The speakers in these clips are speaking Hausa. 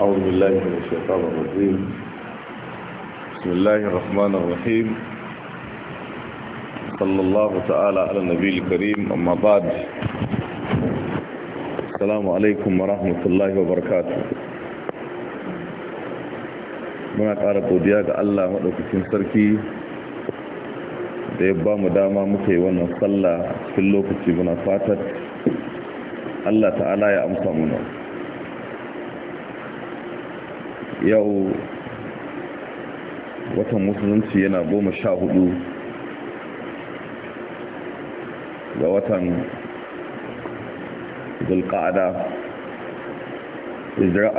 أعوذ بالله من الشيطان الرجيم بسم الله الرحمن الرحيم صلى الله تعالى على النبي الكريم أما بعد السلام عليكم ورحمة الله وبركاته muna ƙara godiya ga Allah maɗaukacin sarki da ya ba mu dama muka yi wannan sallah cikin lokaci muna fatar Allah ta'ala ya amsa muna. yau watan musulunci yana goma sha hudu ga watan zulka'ada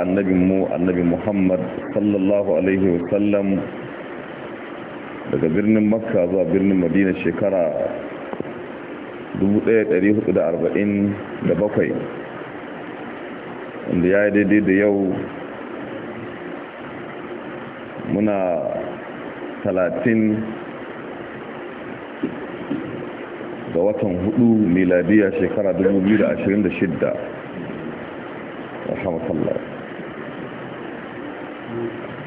annabin mu, annabi muhammad sallallahu alaihi wasallam daga birnin makka zuwa birnin madina shekara 1447 wanda ya yi daidai da yau muna talatin ga watan hudu miladiya shekara 2026 alhamdulillah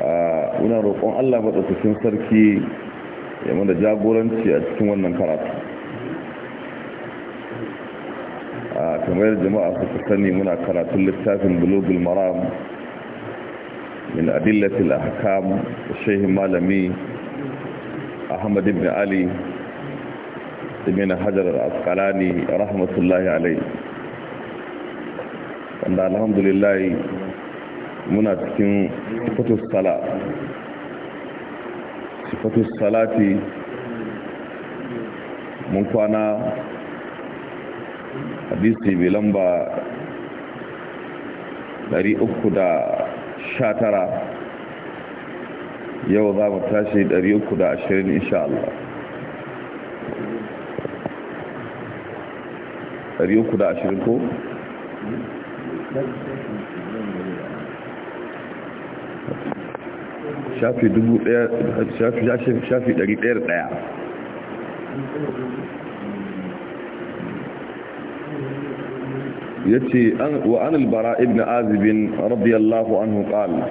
a wunan roƙon allah maɗaukacin sarki ya mana jagoranci a cikin wannan karatu a kamar jama'a suka sani muna karatun littafin bulogul maram من أدلة الأحكام الشيخ مالمي أحمد بن علي من حجر العسقلاني رحمة الله عليه wanda muna cikin fatus sala fatus salati mun kwana hadisi bilan ba tara yau za mu tashi 320 insha Allah 320 ko? shafi 1100 shafi 101 yace wa an al-bara ibn azib radiyallahu anhu qala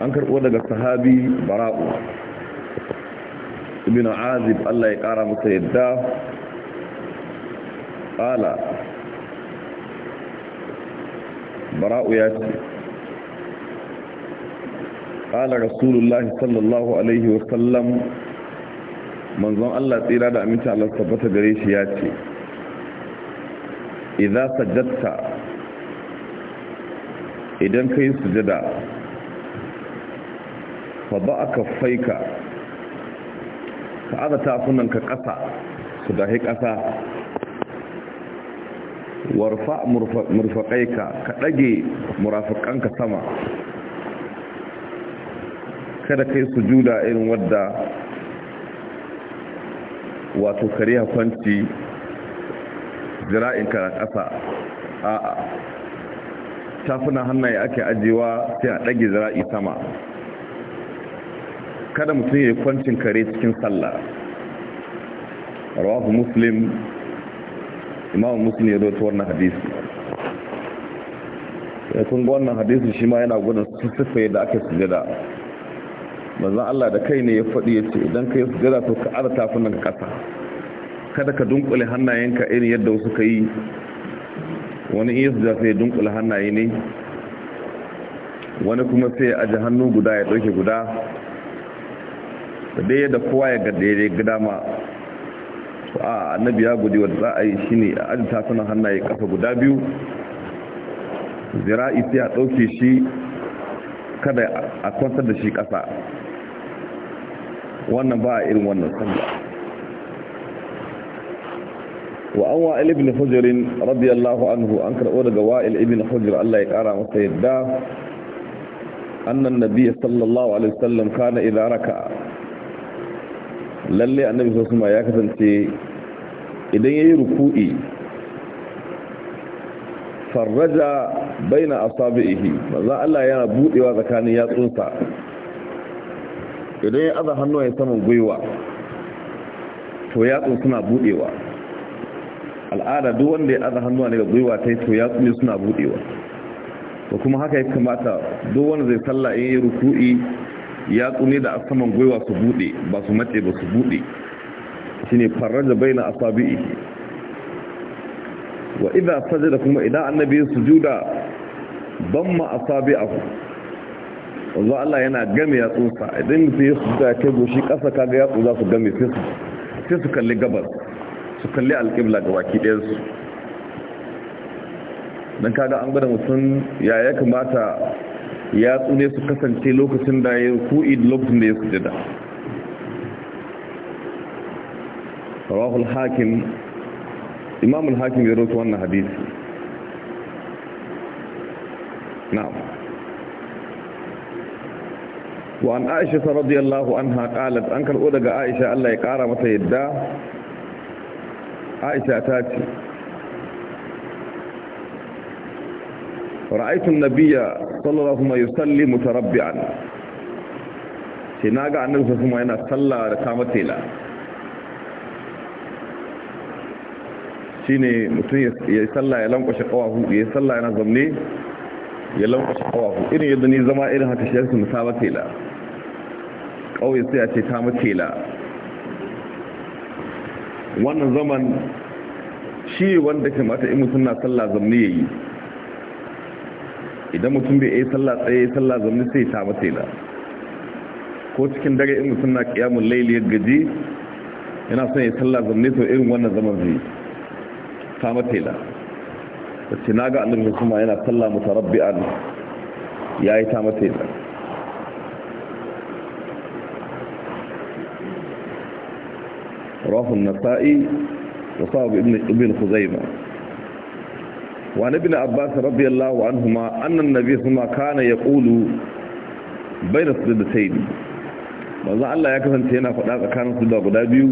an karbo daga sahabi bara ibn azib Allah ya kara masa yadda qala ya yace qala rasulullah sallallahu alaihi wa sallam manzon Allah tsira da aminta Allah tabbata gare shi yace idan sajjata idan ka yi sujada fa ba aka faika ka aza tafunanka ƙasa su dahi ƙasa warfa murfaƙaika ka ɗage murafiƙanka sama kada ka kai sujuda irin wadda wato kare kwanci jira'in ka a ƙasa a'a tafunan hannaye ake ajiyewa sai a ɗage zira'i sama kada mutum ya kwancin kare cikin sallah rawahu muslim imamu muslim ya zoto wannan hadisi ya eh, kun ga wannan hadisi shi ma yana gudun sufai da aka sujada mazan Allah da kai ne ya faɗi ya ce idan ka yi sujada to ka arta funan ƙasa kada ka dunkule hannayenka irin yadda wasu ka yi wani iya su ya dunkule hannaye ne wani kuma sai ji hannu guda ya ɗauke guda da dai yadda kowa ya gada ya gida ma a annabi ya gudi wadda za a yi shi ne a aji tasunan hannaye ƙasa guda biyu zira'i sai a ɗauke shi kada a kwantar da shi ƙasa wannan ba a irin wannan sanda wa an wa'il ibn hujr anhu an karbo daga wa'il ibn hujr Allah ya kara masa yadda annan nabiy sallallahu alaihi wasallam kana idza raka'a lalle annabi sallallahu ya kasance idan yayi ruku'i farraja baina asabihi manzo Allah yana budewa tsakanin yatsunsa idan ya azza hannuwa ya saman guiwa to yatsun suna budewa al'ada duk wanda ya aza hannuwa ne ga gwiwa ta yi to ya tsuni suna budewa to kuma haka ya kamata duk wanda zai salla in yi ruku'i ya tsuni da asaman gwiwa su bude ba su matse ba su bude ne farraja baina asabi'i wa idan sajar da kuma idan annabi ma bamma asabi'ahu wanzu Allah yana game ya tsosa idan mutum ya sujuda ya kai goshi kasa kaga ya tsosa su game sai su kalli gabas su kalli alƙibla ga baki ɗayansu don kaga an gada mutum ya ya kamata ya tsune su kasance lokacin da ya ku'i lokacin da ya sujada rahul hakim imamul hakim ya rotu wannan hadisi na'am aisha radiyallahu anha qalat an قالت daga Aisha, Allah ya kara mata yadda. aisha ta ce ra'aitun nabiya sallallahu alaihi wasalli mutarabbi'an sai naga annabi sallallahu alaihi yana sallah da kama tela shine mutum ya sallah ya lankwashe kawahu ya sallah yana zamne ya lankwashe kawahu irin yadda ni zama irin haka shi yasa musaba tela kawai sai a ce ta mutela wannan zaman shi wanda kamata in mutum na sallah zamni yayi idan mutum bai yi sallah tsaye sallah zamni sai ta mace da ko cikin dare in mutum na kiyamun laili ya gaji yana son yi sallah zamni to irin wannan zaman zai ta mace da wacce na ga annabi kuma yana sallah mutarabbi'an yayi ta mace da رواه النسائي وصاب ابن ابن خزيمة وعن ابن عباس رضي الله عنهما أن النبي صلى كان يقول بين السجدتين manzo Allah ya kasance yana faɗa tsakanin su da guda biyu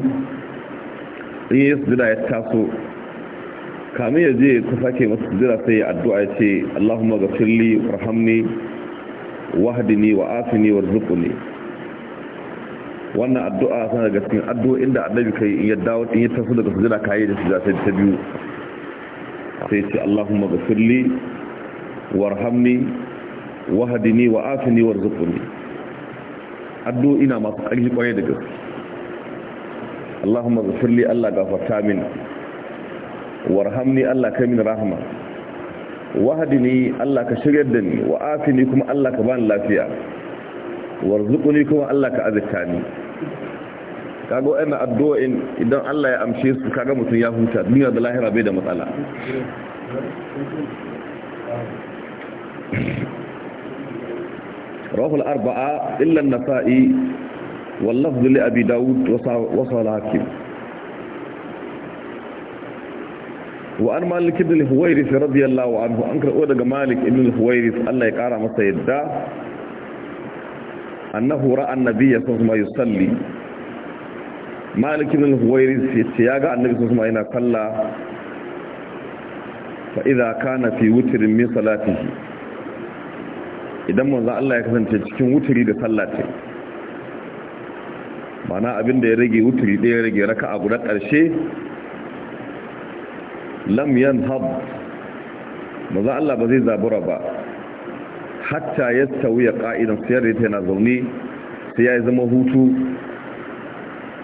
in yi sujjada ya taso kamin ya je ta sake masa jira sai ya addu'a ya ce Allahumma ghafirli warhamni wahdini wa afini warzuqni wannan addu'a sun daga cikin addu'o'in da annabi kai in ya dawo in ya taso daga sujada kai da sujada sai ta biyu sai ce Allahumma ghfirli warhamni wahdini wa afini warzuqni addu'o'i na masu ƙarfi ƙwaye da gaske Allahumma ghfirli Allah gafarta min warhamni Allah kai min rahma wahdini Allah ka shiryar da ni wa afini kuma Allah ka bani lafiya warzuqni kuma Allah ka azurta ni kaga wa'annan addu'o'in idan Allah ya amshe su kaga mutum ya huta duniya da lahira bai da matsala rahul arba'a illa an-nasa'i wal lafz li abi daud wa salakim wa an malik ibn al radiyallahu anhu an karɓo daga malik ibn al Allah ya kara masa yadda annahu ra'a annabiyya sallallahu alaihi wasallam yusalli malik ibn al-huwairis ya ga annabi sallallahu alaihi yana kalla fa idza kana fi witrin min salatihi idan manzo Allah ya kasance cikin wuturi da sallati mana abin da ya rage wuturi da ya rage raka'a guda karshe lam yanhab manzo Allah ba zai zabura ba hatta ya ya ƙa'idan sayar da yana zaune sai ya zama hutu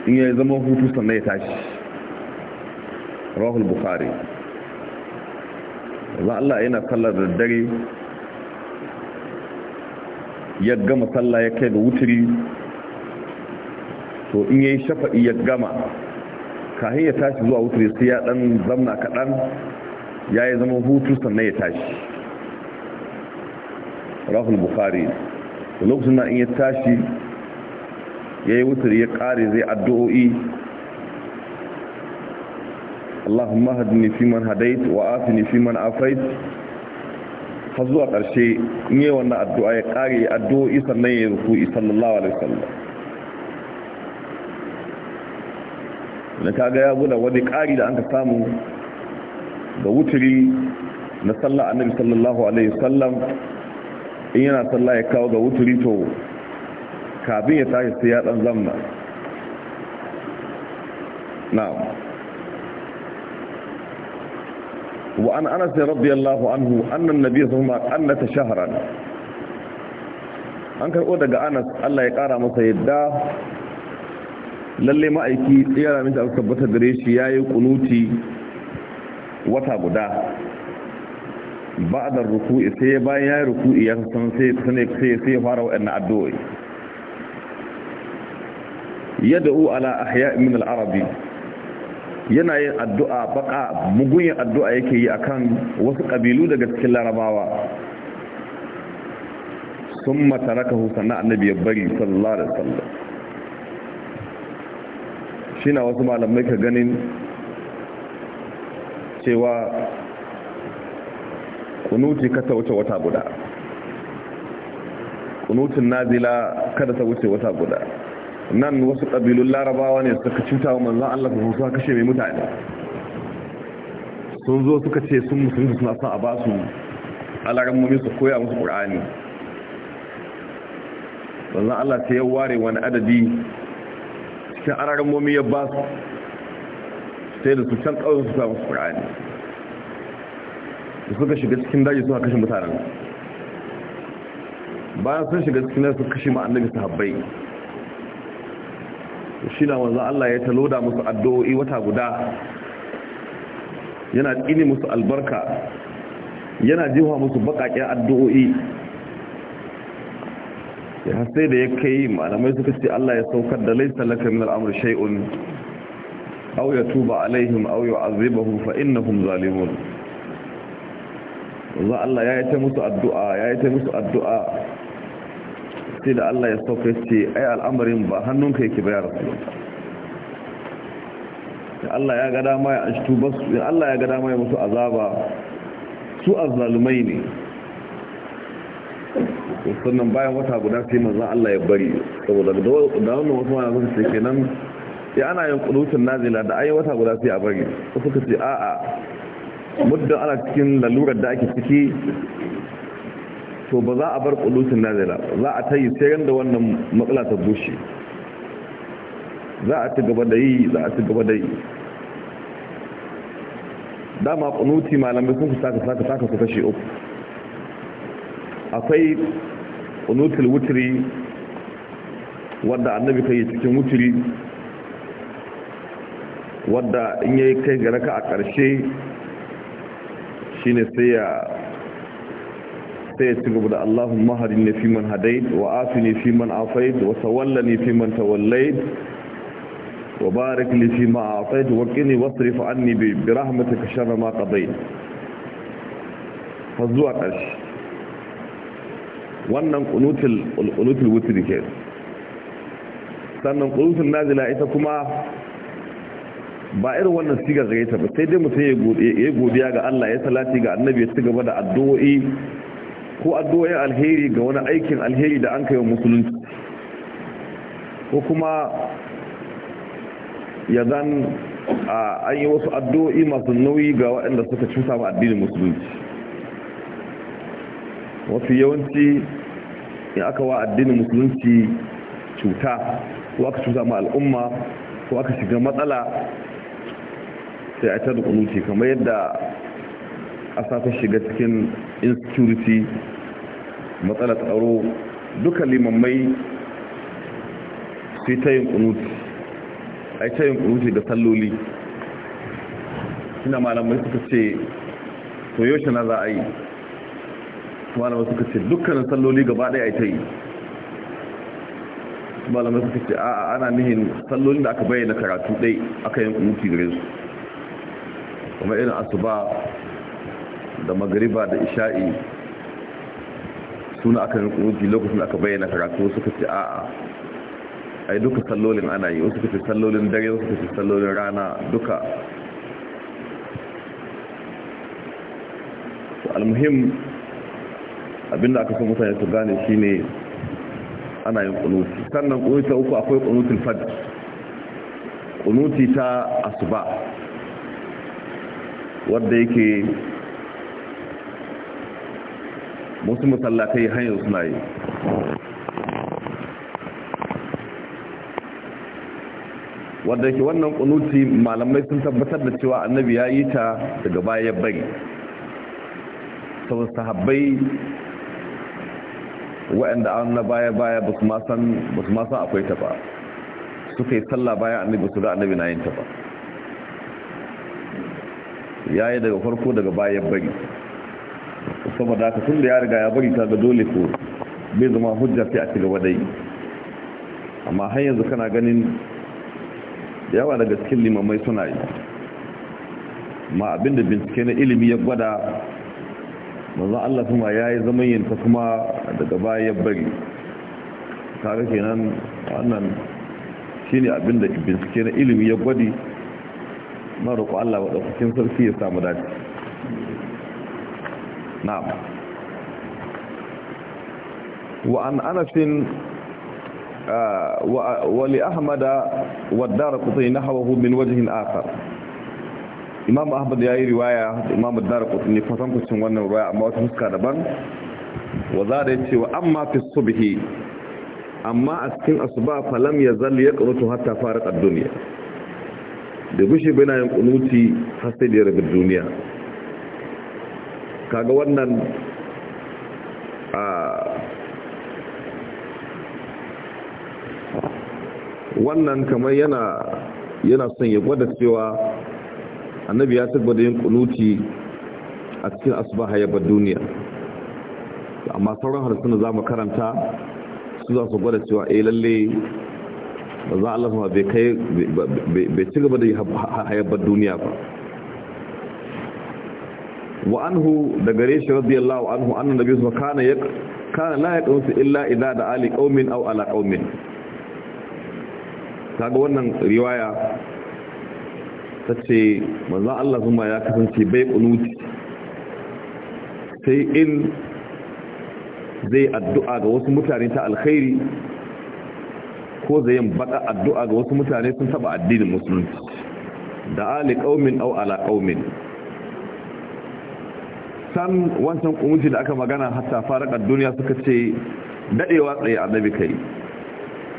in ya zama hutu sannan ya tashi rahul bukari za Allah yana sallar da dare ya gama sallah ya kai da wuturi to in ya yi shafa'i ya gama kahin ya tashi zuwa wuturi sai ya dan zamna kaɗan ya yi zama hutu sannan ya tashi rahul bukhari da lokacin na in ya tashi ya yi wutar ya ƙare zai addu'o'i allahumma ne fi man hadait wa ne fi man afait har zuwa ƙarshe in yi wannan addu'a ya ƙare addu'o'i sannan ya rufu sallallahu alaihi sallam da ka ya guda wani ƙari da an ka samu ga wuturi na sallah annabi sallallahu alaihi sallam in yana sallah ya kawo ga wuturi to kafin ya tashi sai ya dan zamna na'am wa an anas radiyallahu anhu anna an-nabiy sallallahu alaihi wasallam shahran an karbo daga anas Allah ya kara masa yadda lalle ma'aiki tsira min da aka tabbata gare shi yayi kunuti wata guda ba'da ruku'i sai bayan ya ruku'i ya san sai sai sai fara wa'annan addu'o'i yad'u ala ahya' min al-arabi yana yin addu'a baka mugun addu'a yake yi akan wasu kabilu daga cikin larabawa sun mataraka husanna annabi ya bari sallallahu alaihi wasallam shi na wasu malamai ka ganin cewa kunuti ta wuce wata guda kunutin nazila kada ta wuce wata guda nan wasu ƙabilun larabawa ne suka cuta wa manzan Allah su suka kashe mai mutane sun zo suka ce sun musulunci suna son a ba su alarammomi su koya musu ƙur'ani manzan Allah ta yau ware wani adadi cikin alarammomi ya ba su sai da su can ƙawar su musu ƙur'ani da suka shiga cikin daji suka kashe mutanen bayan sun shiga cikin daji suka kashe ma'annabi sahabbai shi na wanzan Allah ya da musu addu'o'i wata guda yana tsini musu albarka yana jiwa musu baƙaƙen addu'o'i ya hasse da ya kai malamai suka ce Allah ya saukar da laisa laka min al'amur shay'un aw yatuba alaihim aw yu'adhibuhum fa innahum zalimun wanzu Allah ya yi ta musu addu'a ya yi ta musu addu'a sai da Allah ya sauka ce ai al'amarin ba hannunka yake bayar su ya Allah ya gada ma ya ashtu ya Allah ya ya musu azaba su azalumai ne sannan bayan wata guda sai manzan Allah ya bari saboda da wannan wasu mana suka ce kenan ya ana yin kudutun nazila da ayi wata guda sai a bari suka ce a'a muddin ana cikin lalurar da ake ciki to ba za a bar kudusin nazira za a ta yi da wannan matsala ta bushe za a ci gaba da yi za a ci gaba da yi dama kunuti malamai sun kusa saka saka su kashe uku akwai kunutul wuturi wadda annabi ka yi cikin wuturi wadda in yi kai ga raka a ƙarshe shine sai ya sai ya cigaba da Allahumma ne fi man hadai, wa ne fi man afait wa tawalla ne fi man tawallai, wa barik li fi ma a'tait wa qini wasrif anni bi ka sharra ma qadait fa zuwa ƙarshe wannan qunutul qunutul ke sannan qunutul nazila ita kuma ba irin wannan sigar ga ta ba sai dai mutum ya godiya ga Allah ya salati ga annabi ya ci gaba da addu'o'i ko addu'o'in alheri ga wani aikin alheri da an kai wa musulunci ko kuma ya zan an yi wasu addu'o'i masu nauyi ga waɗanda suka ci ma addinin musulunci wasu yawanci in aka wa addinin musulunci cuta ko aka cuta ma al'umma ko aka shiga matsala sai a ta da kunuti kamar yadda sa ta shiga cikin insecurity matsalar tsaro duka limammai sai ta yin kunuti a ta yin kunuti da salloli suna malamai suka ce to yaushe na za a yi malamai suka ce dukkanin salloli gaba ɗaya a ta yi malamai suka ce a ana nihin salloli da aka bayyana karatu ɗai aka yin kunuti gare su kuma irin asuba da magariba da isha'i suna aka rukunuti lokacin aka bayyana karatu suka ce a'a yi duka sallolin ana yi wasu ce sallolin dare wasu ce sallolin rana duka almuhim abinda aka so mutane su gane shine ana yin kunuti sannan kunuti uku akwai kunutin fajr kunuti ta asuba wadda yake wasu yi hanyar suna yi wadda yake wannan kunuti malamai sun tabbatar da cewa annabi ya yi ta daga baya bari saboda sahabbai waɗanda an na baya-baya ba su masan akwai ta ba suka yi sallah bayan annabi su da annabi na yin ta ba ya yi daga farko daga bayan bari saboda haka tun da ya riga ya bari ta ga dole ko bai zama hujja sai a ci gaba da yi amma har yanzu kana ganin yawa daga cikin limamai suna yi ma abinda bincike na ilimi ya gwada manzan Allah kuma ya yi zaman ta kuma daga baya bari tare kenan wannan shine abinda bincike na ilimi ya gwadi na roƙo Allah wa ɗaukakin sarki ya samu dace na'am wa an anasin ah, wa li ahmada wa darqutni nahwahu min wajhin akhar imam ahmad ya yi riwaya da imam darqutni fatan kucin wannan riwaya amma wata fuska daban wa ya ce wa amma fi subhi amma a cikin asuba falam yazal yaqrutu hatta fara ƙar duniya. da bushe bana yin kunuti har da ya duniya kaga wannan wannan kamar yana yana son ya gwada cewa annabi ya tabbata yin kunuti a cikin asuba ya ba duniya amma sauran harsuna za mu karanta su za su gwada cewa A eh, lalle manzo Allah ma bai kai bai ci gaba da hayabbar duniya ba wa anhu da gare shi radiyallahu anhu annan da bisu kana ya kana la yaqunsu illa idza da ali qaumin aw ala qaumin kaga wannan riwaya tace manzo Allah kuma ya kasance bai kunuti sai in zai addu'a ga wasu mutane ta alkhairi ko yin bada addu'a ga wasu mutane sun taɓa addinin musulunci da ali qaumin au ala qaumin san wancan kumunci da aka magana hatta faraka duniya suka ce dadewa tsaye annabi kai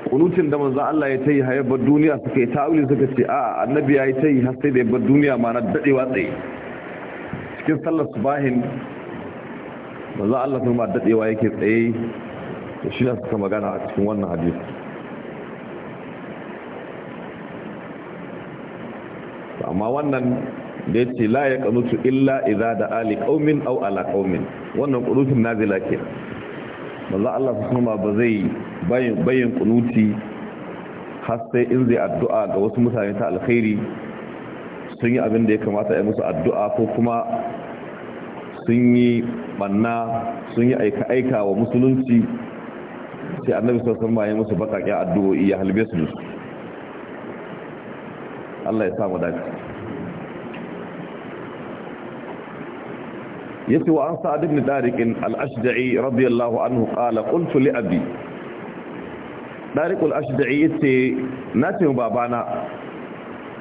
kunutin da manzo Allah ya tayi hayabar duniya suka yi ta'awili suka ce a annabi yayi tayi har sai da yabar duniya ma na dadewa tsaye cikin sallar subahin manzo Allah kuma dadewa yake tsaye shi ne suka magana a cikin wannan hadisi amma wannan da ya ce la kanutu illa idza da ali qaumin aw ala qaumin wannan qunutun nazila ke manzo Allah subhanahu ba zai bayin bayin qunuti har sai in zai addu'a ga wasu mutane ta alkhairi sun yi abin da ya kamata ya musu addu'a ko kuma sun yi banna sun yi aika aika wa musulunci sai annabi sallallahu alaihi wasallam ya musu bakaƙen addu'o'i ya halbe su Allah ya samu dace yace wa an sa'ad ibn darik al-ashja'i radiyallahu anhu qala qultu li abi darik al-ashja'i yace na ce babana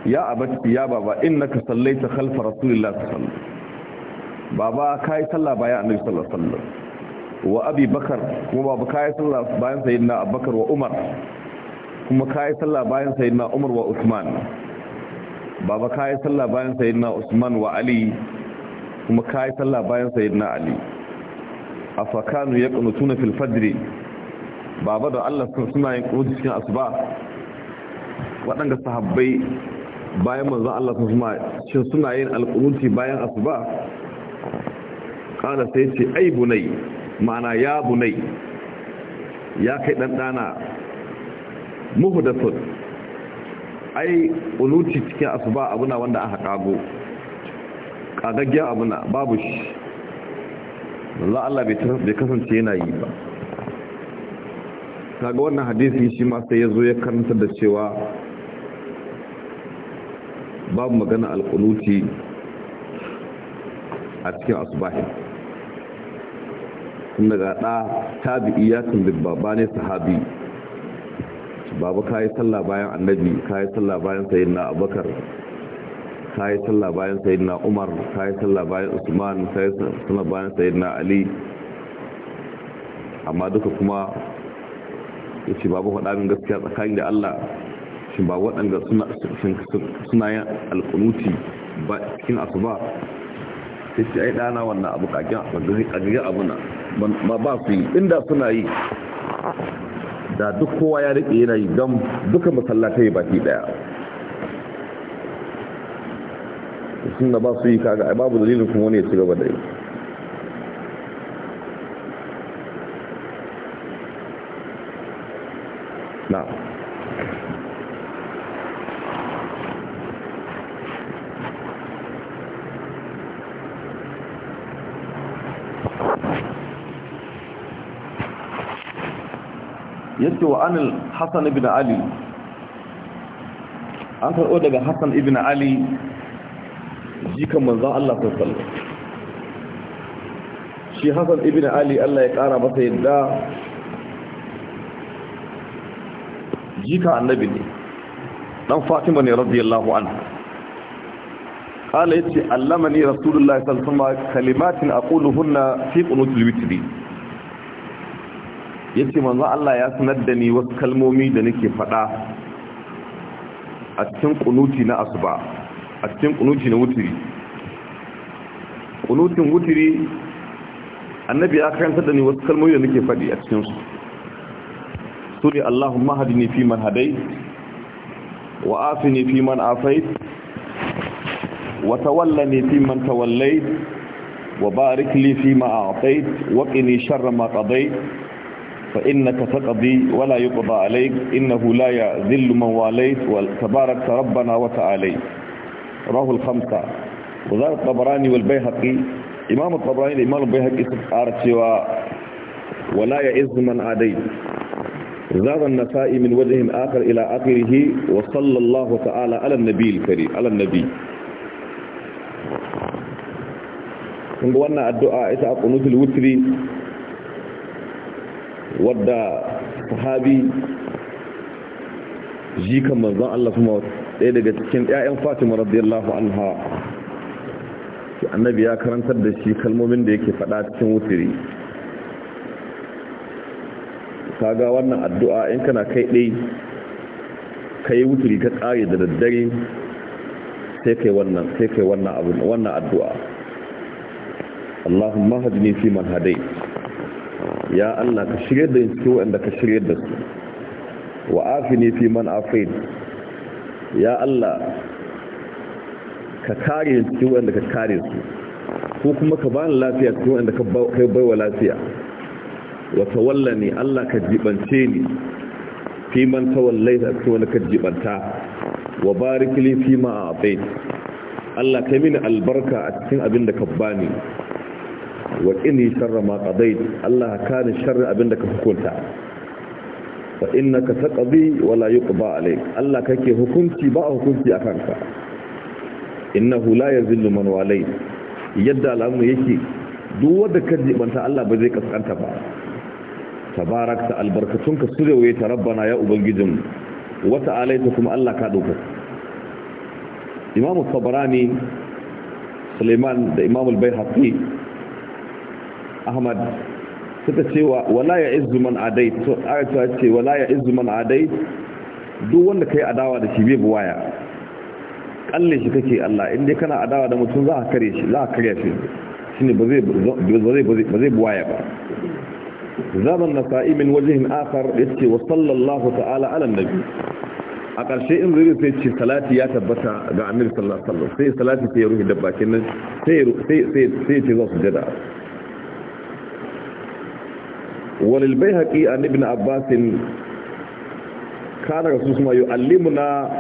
ya abati ya baba innaka sallaita khalfa rasulillahi sallallahu alaihi wasallam baba kai sallah bayan annabi sallallahu alaihi wasallam wa abi bakar kuma baba kai sallah bayan sayyidina abubakar wa umar kuma kai sallah bayan sayyidina umar wa usman baba ka yi sallah bayan sayidina usman wa ali kuma ka yi sallah bayan sayidina ali a fakanu ya ƙunutu na filfadiri baba da allah suna yin ƙunutu cikin asuba waɗanda sahabbai bayan manzan allah sun suma shi suna yin alƙunuti bayan asuba ƙala sai ce ai bunai ma'ana ya bunai ya kai ɗanɗana muhu da sun ai kunuti cikin ba abuna wanda aka kago kagaggen abuna babu shi Allah Allah bai kasance yana yi ba kaga wannan hadisi shi ma sai ya zo ya karanta da cewa babu magana alkunuti a cikin asubahin kuma daga ɗa tabi'i ya tun babba ne sahabi babu kayi sallah bayan annabi kayi sallah bayan sayyidina abubakar kayi sallah bayan sayyidina umar kayi sallah bayan usman kayi sallah bayan sayyidina ali amma duka kuma yace babu faɗa min gaskiya tsakanin da Allah shin ba waɗanda suna suna yin alƙunuti ba cikin asuba sai ce ai ɗana wannan abu ƙagen abuna ba ba su yi inda suna yi da duk kowa ya rike yana yi gam duka masallatai baki daya sun da ba su yi kaga babu dalilin kuma wani ya ci gaba da yi عن الحسن بن علي an karɓo daga hassan ibn ali jikan manzan allah sosai shi hassan ibn ali allah ya ƙara masa yadda jika annabi ne ɗan fatima ne radiyallahu an ƙala ya ce allama ne rasulullah sallallahu kalimatin a ƙunuhunna fi ƙunutul witri ya ce manzo Allah ya sanar da ni wasu kalmomi da nake faɗa a cikin kunuti na asuba a cikin kunuti na wutiri kunutin wutiri annabi ya karanta da ni wasu kalmomi da nake faɗi a cikinsu su ne Allahumma hadini fi man hadai wa afini fi man afai wa tawallani fi man tawallai wa barik li fi ma a'tait wa qini sharra ma qadait فإنك تقضي ولا يقضى عليك إنه لا يذل من واليت تبارك ربنا وتعالي رواه الخمسة وذلك الطبراني والبيهقي إمام الطبراني الإمام البيهقي سبحانه ولا يئذ من عديت زاد النساء من وجه آخر إلى آخره وصلى الله تعالى على النبي الكريم على النبي kun ga wannan addu'a ita a ƙunutul wutri wadda sahabi jikan manzon Allah kuma ɗaya daga cikin ƴaƴan Fatima radiyallahu anha shi annabi ya karantar da shi kalmomin da yake faɗa cikin wutiri kaga wannan addu'a in kana kai ɗai kai wutiri ka kare da daddare sai kai wannan sai kai wannan abu wannan addu'a Allahumma hadini fi man hadayt ya Allah ka shirye da su wanda ka shirye da su wa afini fi man afin ya Allah ka kare su wanda ka kare su ko kuma ka bani lafiya su wanda ka bai wa lafiya wa tawallani Allah ka jibance ni fi man da su wanda ka jibanta wa barik li fi ma a'tait Allah kai mini albarka a cikin abin da ka bani wa inni sharra ma qadayt Allah ka ni sharri abinda ka hukunta fa innaka taqdi wa la yuqda alayk Allah kake hukunci ba hukunci akan ka innahu la yazillu man walay yadda al'amu yake duk wanda ka jibanta Allah ba zai kaskanta ba tabarakta albarkatunka surewaye ta rabbana ya ubangijin wata alaita kuma Allah ka dauka imam Sabrani suleiman da imam al-bayhaqi ahmad suka ce wala ya izu man adai to ayata ce wala ya izu man adai duk wanda kai adawa da shi bai buwaya kalle shi kake Allah in dai kana adawa da mutum za ka kare shi za ka kare shi shine ba zai ba zai buwaya ba zaman nasa'i min wajhin akhar yace wa sallallahu ta'ala ala nabi a ƙarshe in zai sai ce salati ya tabbata ga annabi sallallahu alaihi wasallam sai salati sai ruhi dabbakin nan sai sai sai ce zo su jada walil haƙi an ibn abbas kana rasul sama yu'allimuna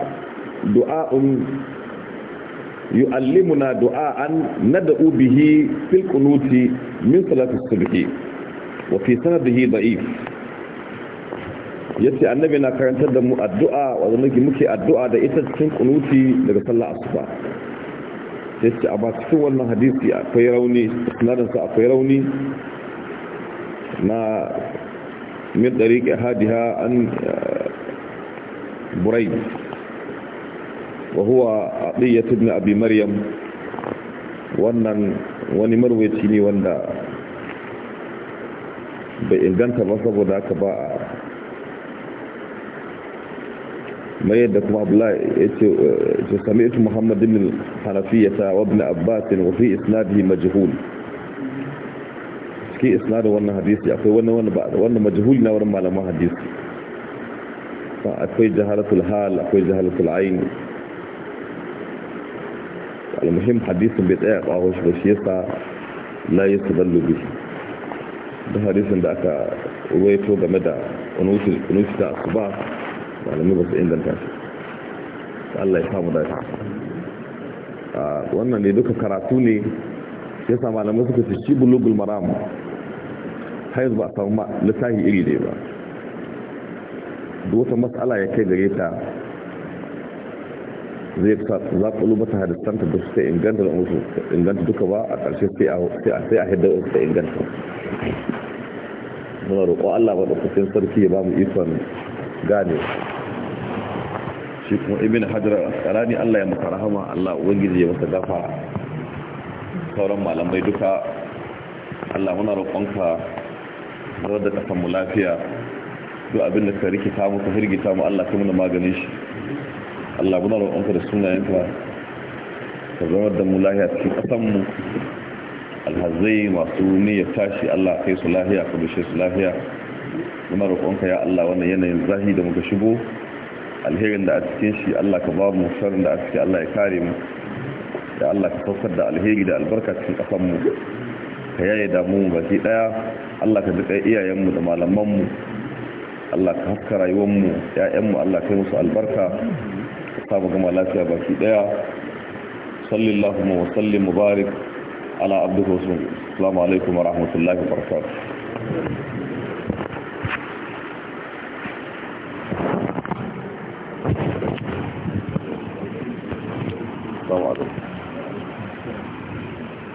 du'a'un yu'allimuna du'a'an nad'u bihi fil qunuti min salati subhi wa fi sanadihi da'if yace annabi na karantar da mu addu'a wanda muke muke addu'a da ita cikin kunuti daga sallar asuba yace ba cikin wannan hadisi akwai rauni sanadin sa akwai rauni ما من طريق أحدها عن بريد وهو عطية ابن أبي مريم وانا واني وأن ونمروي وانا بإن بإلغان تبصب وذاك با مريد كما أبلا سمعت محمد بن الحنفية وابن أباس وفي إسناده مجهول cikin da wannan hadisi akwai wannan wani ba wannan majhul na wurin malaman hadisi akwai jaharatul hal akwai jaharatul ayn al-muhim hadisin bai tsaya ba shi ba shi yasa la yastadallu bi da hadisin da aka ruwaito game da unusi unusul da asuba malamai ba su inganta shi Allah ya samu dace wannan ne duka karatu ne sa malamai suka ce shi bulugul maram haizu ba a samu lissahi iri dai ba da matsala ya kai gare ta zai za ku luba ta hadistanta da su ta inganta da musu inganta duka ba a ƙarshe sai a haidar wasu ta inganta muna roƙo allah ba ɗaukacin sarki ya ba mu ikon gane shi kuma ibn hajar rani allah ya masa rahama allah ubangiji ya masa gafa sauran malamai duka allah muna roƙonka zo da kasan mu lafiya duk abin da ka rikita mu ka hirgita mu Allah ka muna maganin shi Allah muna ka da sunayen ka zama da mu lafiya cikin kasan mu alhazai masu niyyar tashi Allah kai su lafiya ka bishe su lahiya muna ka ya Allah wannan yanayin zahi da muka shigo alherin da a cikin shi Allah ka ba mu sharrin da a cikin Allah ya kare mu da Allah ka saukar da alheri da albarka cikin kasan mu ka yaye damu baki daya Allah ka duka iyayenmu da malamanmu Allah ka haska rayuwanmu ‘ya'yanmu Allah kai musu albarka ta mu gama lafiya baki daya sallallahu wa sallim mubarik ala abduhu salamu alaikum wa rahmatullahi wa barakatuh